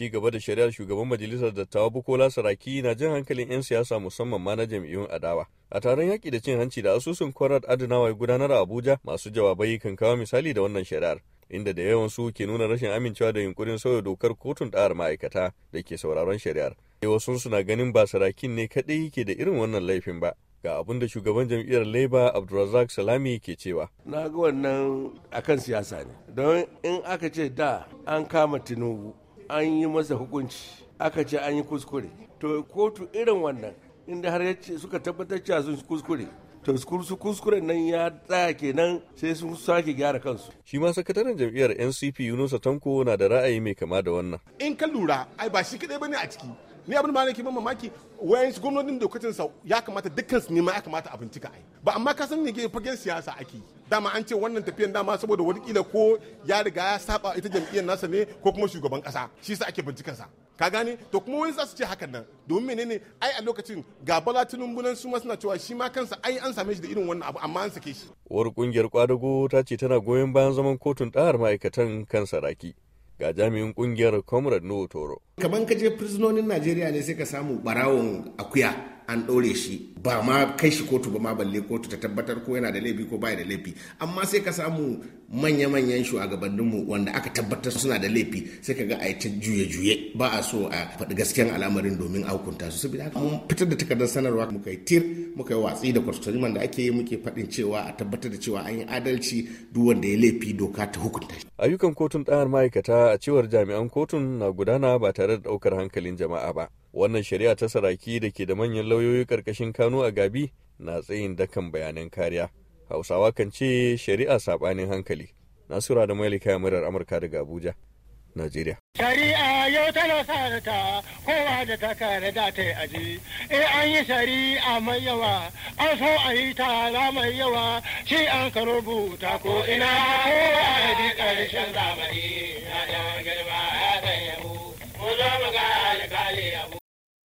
ci gaba da shari'ar shugaban majalisar dattawa bukola saraki na jan hankalin 'yan siyasa musamman ma na jam'iyyun adawa a taron yaƙi da cin hanci da asusun kwarar adanawa ya gudanar a abuja masu jawabai kan kawo misali da wannan shari'ar inda da yawan su ke nuna rashin amincewa da yunkurin sauya dokar kotun ɗa'ar ma'aikata da ke sauraron shari'ar sun suna ganin ba sarakin ne kaɗai ke da irin wannan laifin ba ga abin da shugaban jam'iyyar labour abdulrazak salami ke cewa na ga wannan akan siyasa ne don in aka ce da an kama tinubu an yi masa hukunci aka ce an yi kuskure to kotu irin wannan inda har yace suka tabbatar cewa sun kuskure to su kuskuren nan ya tsaya kenan sai sun sake gyara kansu shi ma sakataren jam'iyyar ncp yunusa tanko na da ra'ayi mai kama da wannan in ka lura ai ba shi kadai bane a ciki ni abin ma nake ban mamaki wayan su gwamnonin da sa ya kamata dukkan su ne ma ya kamata a bincika ai ba amma ka san ne fagen siyasa ake dama an ce wannan tafiyan dama saboda wani kila ko ya riga ya saba ita jam'iyyar nasa ne ko kuma shugaban kasa shi sa ake bincikan sa ka gane to kuma wani za su ce hakan nan domin menene ai a lokacin ga bala tinubu su ma suna cewa shi ma kansa ai an same shi da irin wannan abu amma an sake shi uwar kungiyar kwadago ta ce tana goyon bayan zaman kotun ɗahar ma'aikatan kan saraki ga jami'in kungiyar comrade no toro kaman ka je prisonin najeriya ne sai ka samu barawon akuya an ɗore shi ba ma kai shi kotu ba ma balle kotu ta tabbatar ko yana da laifi ko baya da laifi amma sai ka samu manya-manyan shugabanninmu wanda aka tabbatar suna da laifi sai ka ga a ta juye-juye ba a so a faɗi gaskiyan al'amarin domin a hukunta su saboda haka mun fitar da takardar sanarwa muka yi tir muka yi watsi da kwastoriman da ake yi muke faɗin cewa a tabbatar da cewa an yi adalci duk wanda ya laifi doka ta hukunta shi. ayyukan kotun ɗayan ma'aikata a cewar jami'an kotun na gudana ba tare da ɗaukar hankalin jama'a ba wannan shari'a ta saraki da ke da manyan lauyoyi karkashin kano a gabi na tsayin dakan bayanan kariya hausawa kan ce shari'a saɓanin hankali nasura da mailika murar amurka daga abuja Najeriya. Shari'a yau tana sa ta kowa da ta kare da ta yi aji. Eh an yi shari'a mai yawa, an so a yi tara mai yawa, shi an ka rubuta ko ina ko a yi ƙarshen zamani na girma.